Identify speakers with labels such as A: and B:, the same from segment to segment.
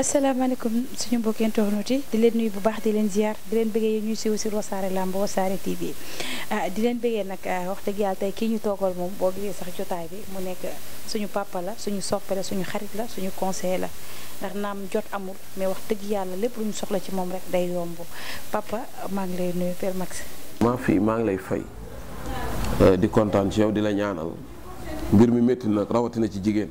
A: asalaamaaleykum suñu mbokki internautes yi di leen nuyu bu baax di leen ziar di leen bëggee yi ñuy siiw si Wassare Lamb Wassare TV ah di leen bëggee nag ah, wax dëgg yàlla tey kii ñu toogal moom boo gisee sax jotaay bi mu nekk suñu papa la suñu soppe la suñu xarit la suñu conseiller la ndax naam jot amul mais wax dëgg yàlla lépp lu ñu soxla ci moom rek day yomb papa maa ngi lay nuyu Père Max.
B: maa fii maa ngi lay fay eh, di kontaan ci yow di la ñaanal mbir mi métti nag ci jigéen.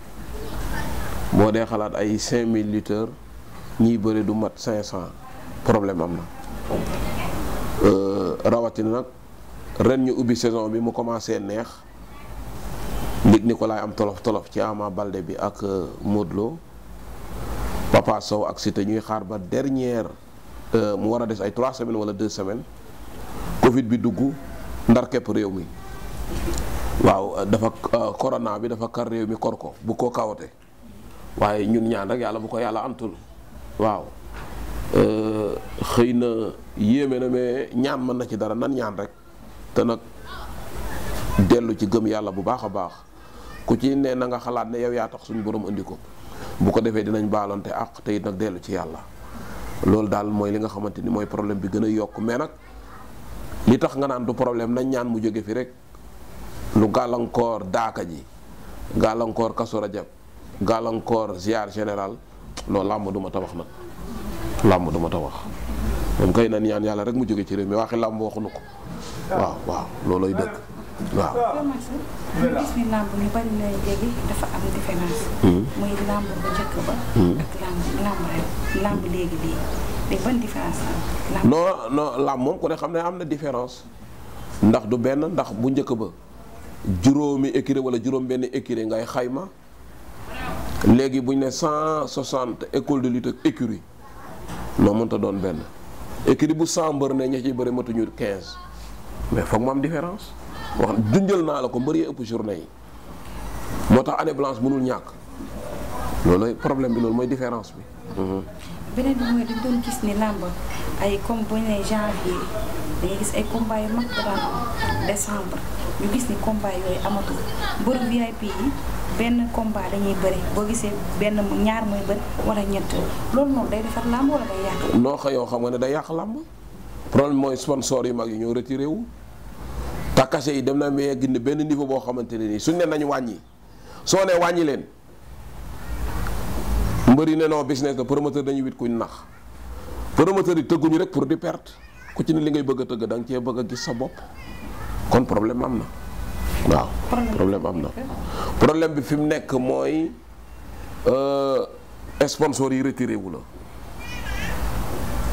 B: moo dee xalaat ay 5000 lutteurs ñiy bëri du mat 500 problème am na euh, rawatina nag ren ñu ubbi saison bi mu commencé neex ko Nicolas am tolof tolof ci Ama Baldé bi ak euh, Modou Lo Papa ak Siteu ñuy xaar ba dernière euh, mu war a des ay 3 semaines wala 2 semaines Covid bi dugg ndar képp réew mi waaw dafa corona bi dafa kar réew mi kor ko bu ko kawate waaye ñun ñaan rek yàlla bu ko yàlla antul waaw euh, xëy na yéeme na mais ñaan mën na ci dara nan ñaan rek te nag dellu ci gëm yàlla bu baax a baax ku ci ne na nga xalaat ne yow yaa tax suñu borom indi ko bu ko defee dinañ baalonte ak te it nag dellu ci yàlla loolu daal mooy li nga xamante ni mooy problème bi gën a yokk mais nag li tax nga naan du problème nañ ñaan mu jóge fi rek lu gàllankoor daaka ji gàllankoor kasu rajab gàllankoor ziar général loolu làmb du ma tabax nag làmb duma ma tabax moom kay nan yàlla rek mu jóge ci réew mi waxi làmb waxuñu ko waaw waaw loolooy dëgg waaw. ñu
A: hmm. gis làmb
B: moom ku ne xam ne am na différence ndax du benn ndax bu njëkk ba juróomi écurie wala juróom benn écurie ngay xayma. léegi bu ne cent soixante école de lutte ak écurie noo mënta doon benn écurie bu cent mbër ne ña ciy bëri matuñu quinze mais foog mu am différence wax junjal naa la ko mbër yee ëpp journée yi tax année blanche mënul ñàkk problème bi loolu mooy différence bi.
A: Mhm. doon gis ni làmb ay comme bu ñu janvier dañuy gis ay combats yu mag daan décembre ñu gis ni combat yooyu amatul mbëru VIP yi. benn combat dañuy bëri boo gisee benn ñaar mooy bëri wala ñett loolu moom day defar làmb wala day
B: yàq. noo xa yoo xam nga ne day yàq làmb problème mooy sponsor yu mag yi ñoo retiré wu. takase yi dem na ma yegg ni benn niveau boo xamante ne nii suñ ne nañu wàññi soo ne wàññi leen mbëri ne non business la promoteur dañuy wit kuñ nax promoteur yi tëgguñu rek pour di perte ku ci ne li ngay bëgg a tëgg da nga cee bëgg a gis sa bopp kon problème am na. waaw problème am na problème bi fi mu nekk mooy euh, sponsor yi retiré wu la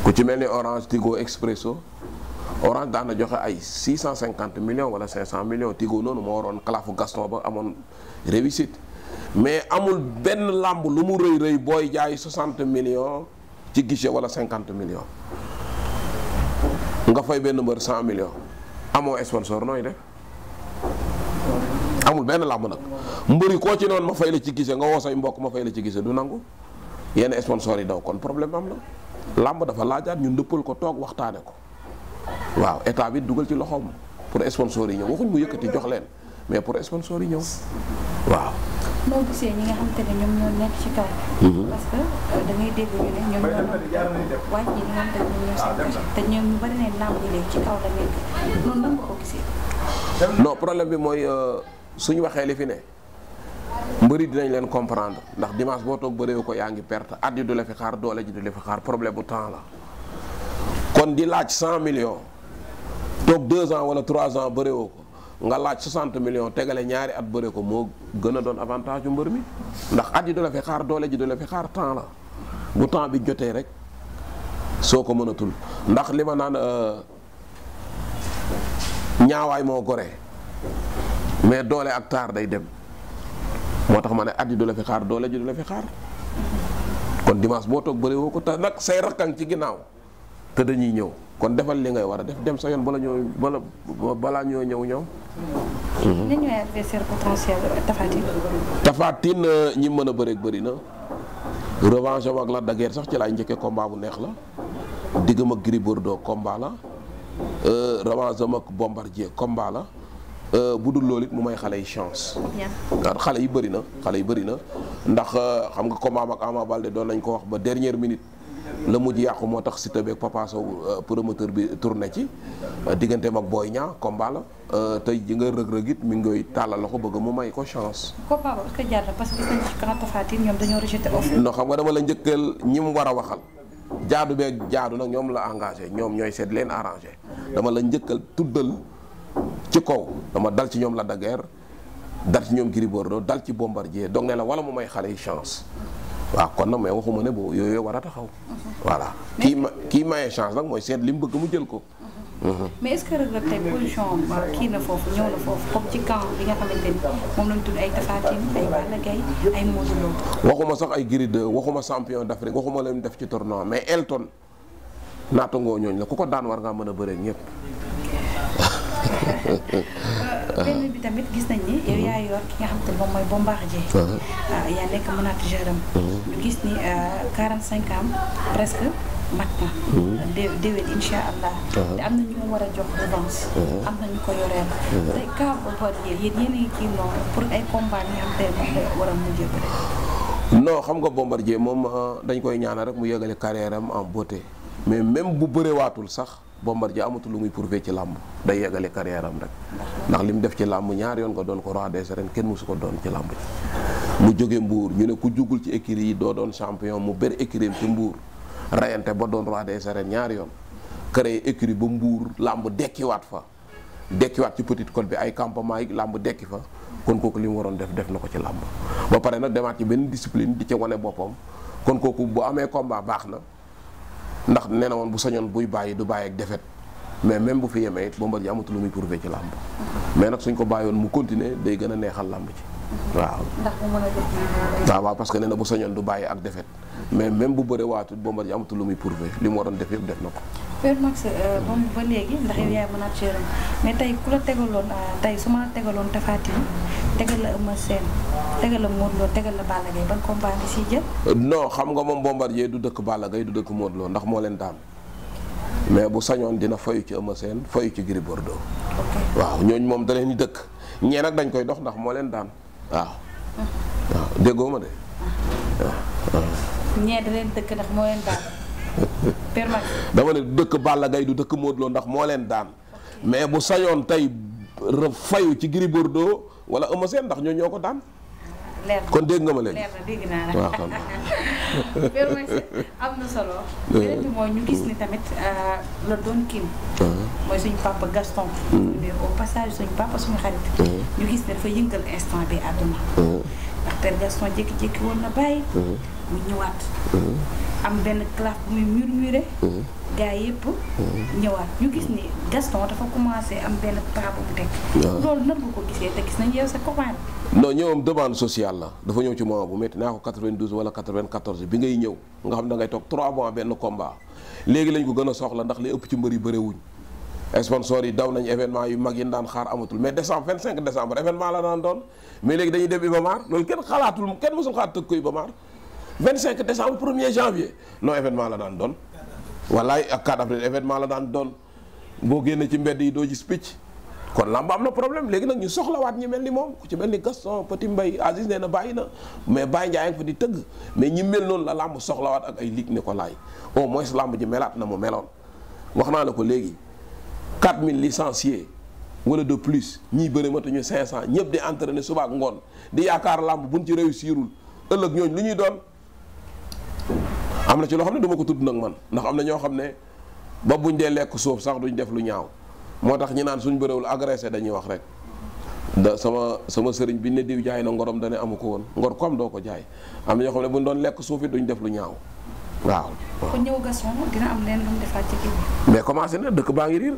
B: ku ci mel ni Orange Tigo Expresso Orange daan na joxe ay 650 millions cinq cent millions Tigo noonu moo waroon kalaafu Gaston ba amoon réussite mais amul benn làmb lu mu rëy rëy booy jaay 60 million ci guichet wala cinquante million nga fay benn mbër 100 million amoo sponsor nooy def amul benn làmb nag mbëri koo ci noonu ma fay la ci gise nga woo say mbokk ma fay la ci gise du nangu yenn sponsor yi daw kon problème am na làmb dafa laajaat ñun dëppal ko toog waxtaane ko waaw état bi dugal ci loxoom pour sponsor yi ñëw waxuñ mu yëkkati jox leen mais pour sponsor yi ñëw waaw.
A: noo gisee ñi ñoom nekk ci kaw. Mhm. parce que euh, ah, ñoom ñu bari ne làmb yi ci kaw la nekk
B: non problème bi mooy euh, suñu waxee li fi ne mbëri dinañ leen comprendre ndax dimanche boo toog bëree ko yaa ngi perte at yi du la fi xaar doole ji du la fi xaar problème bu temps la kon di laaj 100 millions toog 2 ans wala trois ans bëree ko nga laaj 60 millions tegale ñaari at bëree ko moo gën a doon avantage yu mbër mi ndax at yi du la fi xaar doole ji du la fi xaar temps la bu temps bi jotee rek soo ko mënatul ndax li ñaawaay moo gore mais doole ak taar day dem moo tax ma ne at yi du la fi xaar doole ji du la fi xaar kon dimanche boo toog bëri woo ko tax nag say rakkang ci ginnaaw te dañuy ñëw kon defal li ngay war a def dem sa yoon bala ñoo bala balaa ñoo ñëw ñoom.
A: ñi ñooy adversaire potentiel
B: euh, ñi mën a bëreeg bëri na revanche am ak la de sax ci laay njëkkee combat bu neex la diggam ak Gris Bordeaux combat la. Euh, revanche am ak bombardier combat la euh, bu dul loolu it mu may xale yi chance. waaw xale yi bëri na xale yi bëri na ndax euh, xam nga combat am ak Ama Baldé doon nañ ko wax ba dernière minute. la mujj yàqu moo tax Siteu beeg Papa Sow promoteur bi tourné ci digganteem ak booy Niang combat la tey ji nga rëg-rëg it mi ngi koy tàllal ko bëgg mu may ko chance. combat xam nga dama la njëkkal ñi mu war a waxal. jaadu bee jaadu nag ñoom la engagé ñoom ñooy seet leen arrangé dama la njëkkal tuddal ci kaw dama dal ci ñoom la daguerre dal ci ñoom Gris Bordeaux dal ci Bombardier donc ne la wala mu may xale yi chance waaw kon nag mais waxuma ne boo yooyu war a taxaw mhm. voilà kii ma kii maye chance nag mooy seet li mu bëgg mu jël ko Mm-hmm.
A: mais est-ce que tey position kii na foofu ñëw na foofu comme ci camp bi nga xamante ni moom lañ tudd ay Tapha Tine ay Balla Gaye ay Modou
B: waxuma sax ay Gris waxuma champion d'Afrique waxuma leen def ci tournoi mais Elton naatangoo ñooñu la ku ko daan war ngaa mën a bëree ñëpp. Euh, benn
A: bi tamit gis nañ ni yow yor ki nga xam te ne moom mooy Bombardier. Ah. Ah, yaa nekk manager am. Mm-hmm. ñu gis ni 45 euh, ans presque. mat na. Mhm. déwén uh-huh. uh-huh. uh-huh. moom la war
B: xam nga Bombardier moom ah, dañ koy ñaanal rek mu yëgale carrière am en beauté mais même bu bërewaatul sax Bombardier amatul lu muy prouver ci làmb day yëgale carrière rek ndax li mu def ci làmb ñaar yoon nga doon ko roi des ren kenn mësu ko doon ci làmb ji mu jóge mbuur ñu ne ku jugul ci écurie yi doo doon champion mu ber écurie ci mbuur rayante ba doon roi des arènes ñaari yoon créé écurie ba mbuur làmb dekkiwaat fa dekkiwaat ci petite côte bi ay campement yi làmb dekki fa kon kooku li mu waroon def def na ko ci làmb ba pare nag demaat ci benn discipline di ca wane boppam kon kooku bu amee combat baax na ndax nee na woon bu sañoon buy bàyyi du bàyyi ak defet mais même bu fi yemee it Bombardier amatulu lu pour prouvé ci làmb mais nag suñ ko bàyyoon mu continuer day gën a neexal làmb ci waaw. ndax mu waaw waaw que nee na bu sañoon du bàyyi ak defet mais même bu bëree waatul Bombardier amatul lu muy prouver li mu waroon def yëpp def na ko.
A: Père Max moom euh, ba léegi ndax yow yaay manager am mais tey ku la tegaloon euh, tey su ma tegal la Eumeu Sène tegal la Modou tegal la Balla Gaye ban combat nga siy jël.
B: non xam nga moom Bombardier du dëkk Balla Gaye du dëkk Modou ndax moo leen daan mais bu sañoon dina fayu ci Eumeu Sène fayu ci Gris waaw ñooñu moom da leen dëkk ñee nag dañ koy dox ndax moo leen daan. waaw. waaw déggoo ma de waaw.
A: ñee da leen dëkk ndax moo leen daan.
B: dama ne dëkk Balla gay du dëkk Modou ndax moo leen daan. mais bu sañoon tey fayu ci Gris Bordeaux wala Eumeu Sène ndax ñoo ñoo ko daan.
A: kon dégg nga ma léegi leer na dégg naa la waaw xam am na solo. beneen mooy ñu gis ni tamit euh, la doon kiim uh-huh. mooy suñu papa Gaston. mais mm. au passage suñu papa suñu xarit. Uh-huh. ñu gis ne dafa yëngal instant bi àdduna. Uh-huh. ndax père Gaston jékki-jékki woon na bàyyi. mu ñëwaat. am benn classe bu muy murmuré. gaa yëpp. ñëwaat ñu gis ni Gaston dafa commencé am benn pas bu mu teg. loolu nan nga ko gisee te gis nañ yow sa copain
B: non ñëwam demande sociale la dafa ñëw ci moment bu métti naa ko 92 wala 94 bi ngay ñëw nga xam da ngay toog 3 mois benn combat léegi lañ ko gën a soxla ndax li ëpp ci mbër yi bëreewuñ sponsors yi daw nañ événement yu mag yi daan xaar amatul mais décembre 25 décembre événement la daan doon mais léegi dañuy dem Iba Mar loolu kenn xalaatul kenn mësul xalaat tëgg ko Iba Mar 25 décembre 1er janvier non la daan doon wallaay ak 4 avril événement la daan doon boo génnee ci mbedd yi doo gis picc kon làmb am na problème léegi nag ñu soxlawaat ñu mel ni moom ku ci mel ni Gaston Petit mbay Aziz nee na bàyyi na mais Baye Ndiaye nga fa di tëgg mais ñi mel noonu la làmb soxlawaat ak ay lig ne ko laay au moins làmb ji melaat na mu meloon wax naa la ko léegi 4000 licenciés wala de plus ñiy bëri matuñu 500 ñëpp di entraîner suba ak ngoon di yaakaar làmb buñ ci réussirul ëllëg ñooñu lu ñuy doon am na ci loo xam ne duma ko tudd nag man ndax am na ñoo xam ne ba buñ dee lekk suuf sax duñ def lu ñaaw. moo tax ñi naan suñ bëréwul agressé dañuy wax rek da sama sama sëriñ bi ne diw jaay na ngoroom dana amu ko woon ngor comme doo ko jaay am na ñoo xam ne doon lekk suuf it def lu ñaaw waaw. kon na dëkk baa ngi riir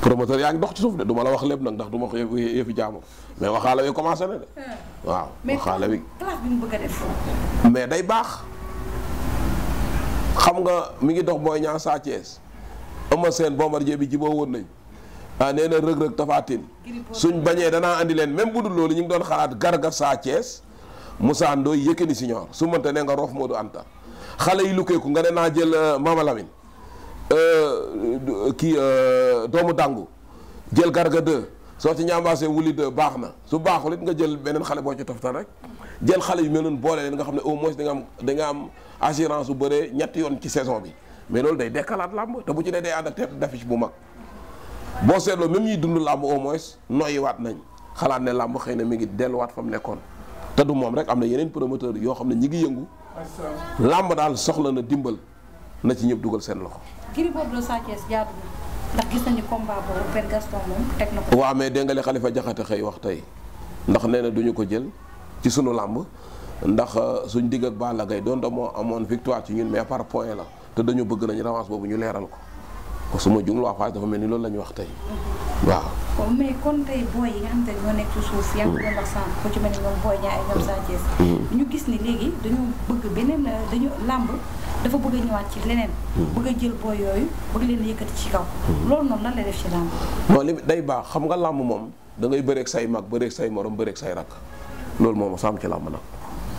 B: promoteur yaa ngi dox ci suuf de duma la wax lépp nag ndax du ma ko yëfi jaamu mais waxaale wi commencé na de. Ah. waaw waxaale wi. mais day baax xam nga mu ngi dox booy ñaa Sa Thiès Eumeu Sène Bombardier bi jiboo woon nañ ah nee na rëg-rëg tafaatin suñ bañee danaa indi leen même bu dul loolu ñu ngi doon xalaat garga saa Thiès Moussa Ndoye Yékini Siñoor su mënta ne nga roof Moodu Anta xale yi lukkeeku nga ne naa jël euh, Mama Lamine euh, kii euh, doomu dàngu jël garga 2 soo ci ñaambaasee wuli 2 baax na su baaxul it nga jël beneen xale boo ci toftal rek jël xale yu mel noonu boole leen nga xam ne au moins da am da nga am assurance bu bëree ñetti yoon ci saison bi mais loolu day dekkalaat làmb te bu ci dee day ànd ak tête mag boo seetloo même ñuy dund làmb au moins waat nañ xalaat ne làmb xëy na mi ngi delluwaat fa mu nekkoon te du moom rek am na yeneen promoteur yoo xam ne ñi ngi yëngu. làmb daal soxla na dimbal na ci ñëpp dugal seen loxo.
A: Gris Bordeaux Sa Thiès jaadu dégg
B: nga li Khalifa xëy wax tey ndax nee na duñu ko jël ci sunu làmb ndax euh, suñ digg ak Balla Gaye doon da moo amoon victoire ci ñun mais par point la te dañu bëgg nañu revanche boobu ñu leeral ko. su ma jumloo Fass dafa mel ni loolu lañu wax tey
A: mm-hmm. waaw. waaw mais kon tey booy yi nga xam mm-hmm. bëgg beneen mm-hmm.
B: day baax xam nga làmb moom da ngay bëreeg say mag bëreeg say morom bëreeg say rakk loolu moom a sàmm ci làmb nag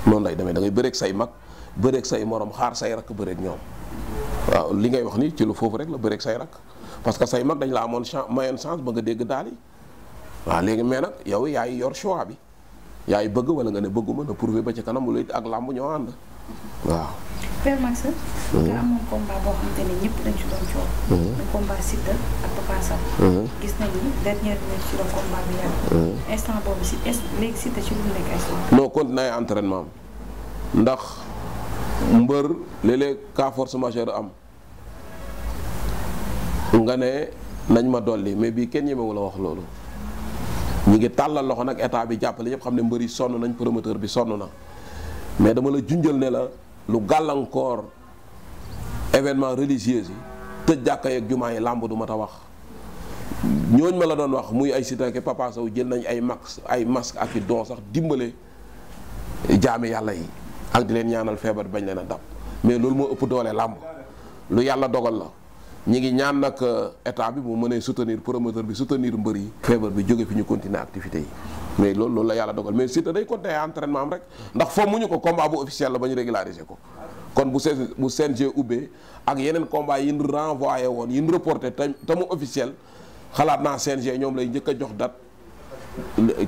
B: noonu lay demee da ngay bëreeg say mag bëreeg say morom xaar say rakk bëreeg ñoom waaw li ngay wax ni ci lu foofu rek la bëreeg say rak parce que say mag dañ la amoon chance mayoon chance ba nga dégg daal yi waaw léegi mais nag yow yaay yor choix bi yaay bëgg wala nga ne bëgguma na prouver ba ci kanam lu it ak làmb ñoo ànd waaw.
A: Père Max. Mhm. nga amoon
B: mhm. mhm. ndax mbër léeg-léeg cas force majeure am. nga ne nañ ma dolli mais bii kenn ñemewu la wax loolu ñu ngi tàllal loxo nag état bi jàppale ñëpp xam ne mbër yi sonn nañ promoteur bi sonn na mais dama la junjal ne la lu gàllankoor événement religieux yi tëj jàkka yeeg jumaa yi làmb du ma ta wax ñooñ ma la doon wax muy ay sitake Papa Sow jël nañ ay max ay masque ak yi doo sax dimbale jaami yàlla yi ak di leen ñaanal feebar bañ leen a dab mais loolu moo ëpp doole làmb lu yàlla dogal la ñi ngi ñaan nag euh, état bi mu mënee soutenir promoteur bi soutenir mbër yi. feebar bi jóge fi ñu continuer activité yi mais loolu loolu la yàlla dogal mais Siteu day continuer entraînement am rek ndax foo muñu ko combat bu officiel la ba ñu régulariser ko. kon bu seen bu CNG ubbee ak yeneen combat yi ñu renvoyé woon yi ñu reporté te te mu officiel xalaat naa CNG ñoom lay njëkk a jox date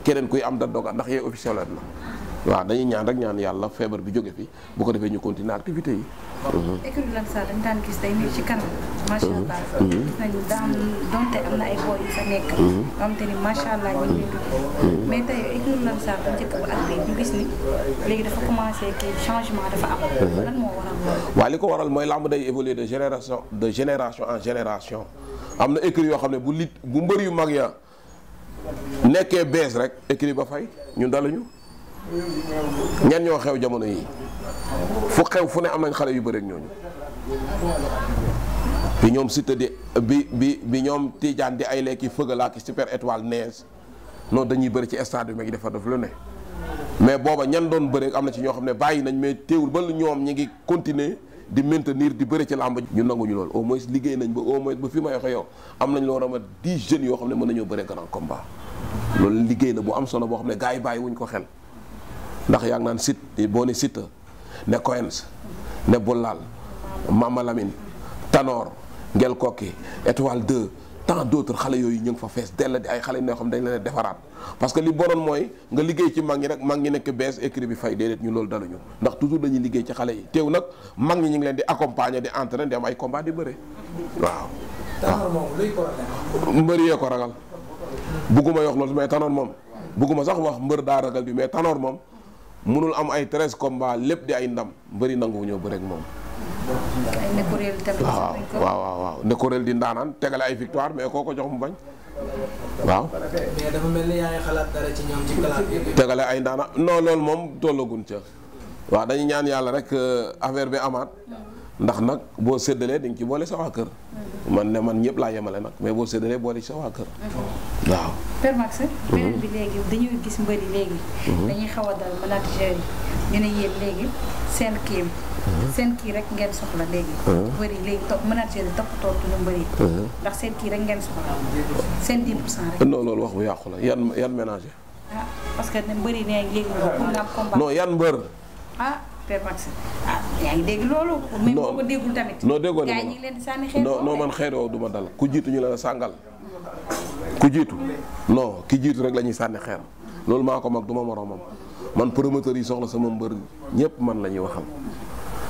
B: keneen kuy am date dogal ndax yee officiel la. na waaw dañuy ñaan rek ñaan yàlla feebar bi jóge fi bu ko defee ñu continuer activité yi. Mhm.
A: école bi Lansar dañu daan gis day mhm. Mhm. daan donte am na ay boy yu nekk. yoo ñu ngi dugg. mais tey école
B: am. li ko waral mooy làmb day évoluer génération de génération en génération am na écrit yoo xam ne bu lit bu mbër yu mag ya nekkee bees rek écrit ba fay ñun daluñu. ñan ñoo xew jamono yi fu xew fu ne am nañ xale yu bëri ak ñooñu bi ñoom Siteu di bi bi bi ñoom Tidiane di ay lekki fëgalaaki super étoile nees non dañuy bëri ci stade bi mag defar daf lu ne mais booba ñan doon bëri am na ci ñoo ne bàyyi nañ mais teewul ba ñoom ñi ngi continuer di maintenir di bëri ci làmb ñu nanguñu loolu au moins liggéey nañ ba au moins ba fi may waxee yow am nañ loo rama yoo xam ne mën nañoo bëri bëre grand combat loolu liggéey na bu am solo boo xam ne gars yi bàyyi wuñ ko xel ndax yaa ngi naan sit boo ne Siteu ne Coens ne Boulal Mama Lamine Tanor Ngel Kokki étoile 2 tant d'autres xale yooyu ñu ngi fa fees dell di ay xale yoo xam dañ leen defaraat parce que li bonoon mooy nga liggéey ci mag ñi rek mag ñi nekk bees écrit bi fay déedéet ñu loolu daluñu ndax toujours dañuy liggéey ci xale yi teew nag mag ñi ñu ngi leen di accompagner di entraîner di am ay combat di bëre waaw. Tanor moom ko ragal. mbër yee ko ragal bugguma wax loolu mais Tanor moom bugguma sax wax mbër daa ragal bi mais Tanor moom. mënul am ay treize combats lépp di ay ndam mbëri nanguwu ñoo bëre ak moom. waaw waaw waaw nekkoréel di ndaanaan tegale ay victoire mais koo ko jox mu bañ. waaw. tegale ay ndaanaan non loolu moom tollagun ca. waaw dañu ñaan yàlla rek euh, affaire bi amaat. ndax nag boo séddalee di ci boole sa waa kër. man ne man ñëpp laa yemale nag mais boo séddalee boole ci sa waa kër. waaw.
A: Père Max. Mhm. beneen léegi dañuy gis mbëri léegi. Mhm. dañuy xaw a dal manager yi ne yéen léegi seen kii
B: mhm.
A: seen kii rek ngeen soxla léegi. mbëri léegi topp manager yi toppatoo tuñu mbëri. ndax seen kii rek ngeen soxla seen 10 pour cent rek.
B: non loolu wax bu yàqu la yan yan ménager.
A: ah parce que mbëri nee léegi pour nga am combat. non yan mbër. Ah. père Maxime ah, noo man
B: xeer woowu du ma dal ku jiitu ñu la sàngal ku jiitu noo ki jiitu rek lañuy sànni xeer loolu maa ko mag du ma moromam man promoteur yi soxla sama mbër ñëpp man la ñuy waxal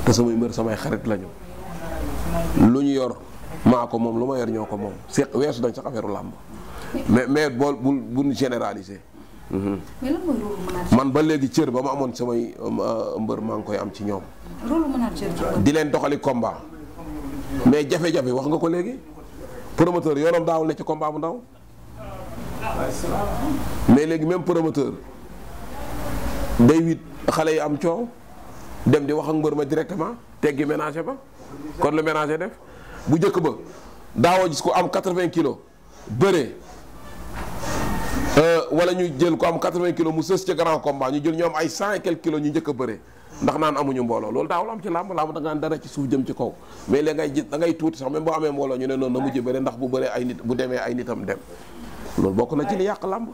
B: te samay mbër samay xarit lañu lu ñu yor maa ko moom lu ma yor ñoo ko moom seq weesu dañ sax affaire làmb mais mais bool bu bu généraliser. mais man ba léegi cër ba mu amoon samay um, uh, mbër maa ngi koy am ci ñoom. di leen doxali komba mais jafe-jafe wax nga ko léegi promoteur yoonam daawul ne ci combat bu ndaw. mais léegi même promoteur day wit xale yi am coow dem di wax ak mbër ma directement teggi ménager ba kon lu ménager def bu njëkk ba daawoo gis ko am 80 kilos bëree. Euh, wala ñu jël ko am 80 kilo mu sës ca grand combat ñu jël ñoom ay 100 et ñu njëkk a bëree ndax naan amuñu mbooloo loolu daawul am ci làmb làmb da nga dara ci suuf jëm ci ngay gis da ngay tuuti sax même boo amee mbooloo ñu ne noonu na mujj bëre dem loolu bokk na ci li yàq làmb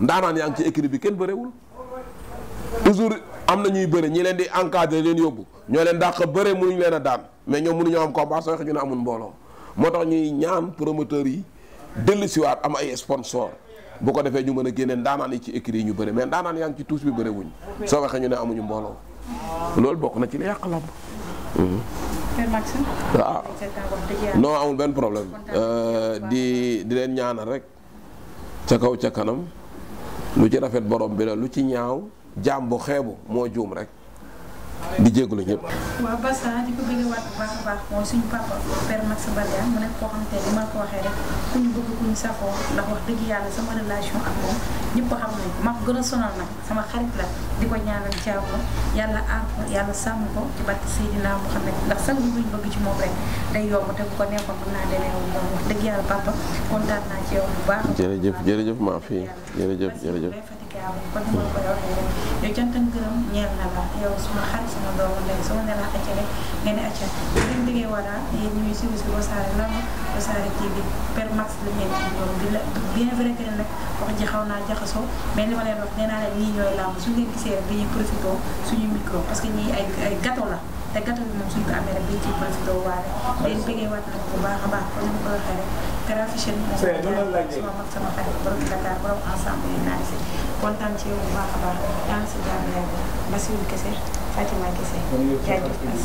B: ndaanaan yaa ngi ci écrit bi kenn bëreewul toujours am na ñuy bëre ñi leen di encadré leen yóbbu ñoo leen dàq bëre mënuñu leen a daan mais ñoom mënuñoo am combat soo waxee ñu ne amul mbooloo moo tax ñuy ñaan promoteur yi dellu siwaat am ay sponsor bu ko defee ñu mën a génne ndaanaan yi ci écrit yi ñu bëri mais ndaanaan yaa ngi ci tuus bi bëri wuñ soo waxee ñu ne amuñu mbooloo loolu bokk na ci li yàq lamb waaw ah. non amul benn problème euh, di di leen ñaanal rek ca kaw ca kanam lu ci rafet borom bi la lu ci ñaaw jaam bu xeebu moo juum rek di jégalu ñëpp.
A: waaw Bassa di ko bëggee waat bu baax a baax mooy suñu papa père Max Badiane ah, mu nekk koo xam te ni ma ko waxee rek ku ñu bëgg ku safoo ndax wax dëgg yàlla sama relation ak moom ñëpp ko xam ne sama xarit la di ko ñaanal jaamu yàlla aar ko yàlla ndax sax lu bëgg ci moom rek day yomb te bu ko nekkoon mën naa demee wu moom wax dëgg yàlla papa kontaan naa ci yow bu baax.
B: jërëjëf jërëjëf maa fi jërëjëf jërëjëf. kon ni
A: ma la koy waxee rek ñeel na la yow suma xarit sama doomu ndey soo ne la acca rek nga ne acca ngeen bëggee wala yéen ñuy suivi si Wassare Lamb Wassare TV per max la ngeen ci doom di nag wax ji xaw naa jaxasoo mais li ma leen wax nee naa leen ñii ñooy làmb su ngeen gisee rek dañuy profité suñu micro parce que ñii ay ay la te gàttal moom suñ ko amee rek dañ ciy profité waale. leen bëggee waat bu baax a baax comme ni a ko waxee rek. Karafi Cheikh moom sama mag sama xarit borom Dakar borom ensemble yi si kontaan ci yow bu baax a baax daal si jàmm yàlla Basiru Kese Fatima Kese jaajëf